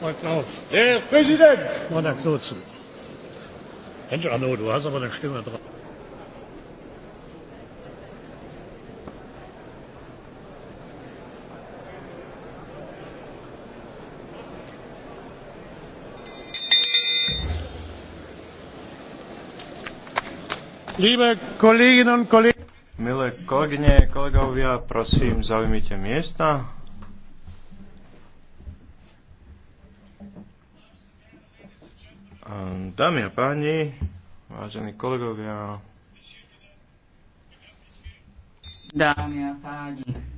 Herr Klaus. Herr Präsident! Herr Knutzen. Mensch, Arno, du hast aber eine Stimme drauf. Liebe Kolleginnen und Kollegen, Milé kolegyne, kolegovia, prosím, zaujmite miesta. Dámy a páni, vážení kolegovia. Dámy a páni.